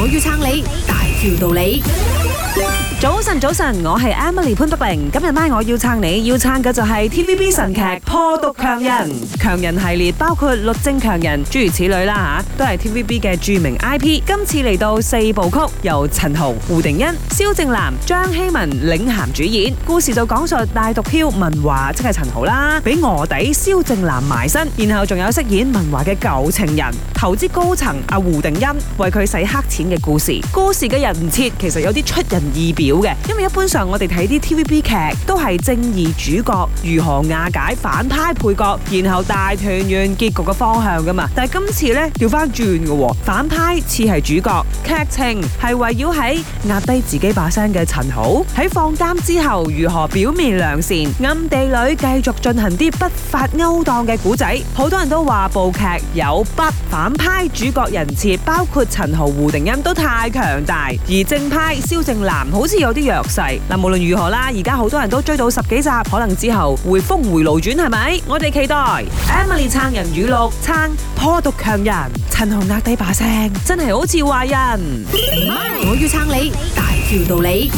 我要撐你，大條道理。早晨，早晨，我係 Emily 潘德玲。今日呢，我要撐你，要撐嘅就係 TVB 神劇《破毒強人》，強人系列包括《律政強人》，諸如此類啦吓、啊，都係 TVB 嘅著名 IP。今次嚟到四部曲，由陳豪、胡定欣、蕭正楠、張曦文領銜主演。故事就講述大毒梟文華即係陳豪啦，俾臥底蕭正楠埋身，然後仲有飾演文華嘅舊情人、投資高層阿胡定欣為佢洗黑錢嘅故事。故事嘅人設其實有啲出人意表。嘅，因為一般上我哋睇啲 TVB 劇都係正義主角如何瓦解反派配角，然後大團圓結局嘅方向噶嘛。但係今次咧，調翻轉嘅，反派似係主角，劇情係圍繞喺壓低自己把聲嘅陳豪喺放監之後如何表面良善，暗地裏繼續進行啲不法勾當嘅古仔。好多人都話部劇有不反派主角人設，包括陳豪、胡定欣都太強大，而正派蕭正楠好似。有啲弱勢嗱、啊，無論如何啦，而家好多人都追到十幾集，可能之後會峰回路轉，係咪？我哋期待 Emily 撐人語錄，撐破毒強人，陳豪壓低把聲，真係好似壞人。我要撐你，大條道理。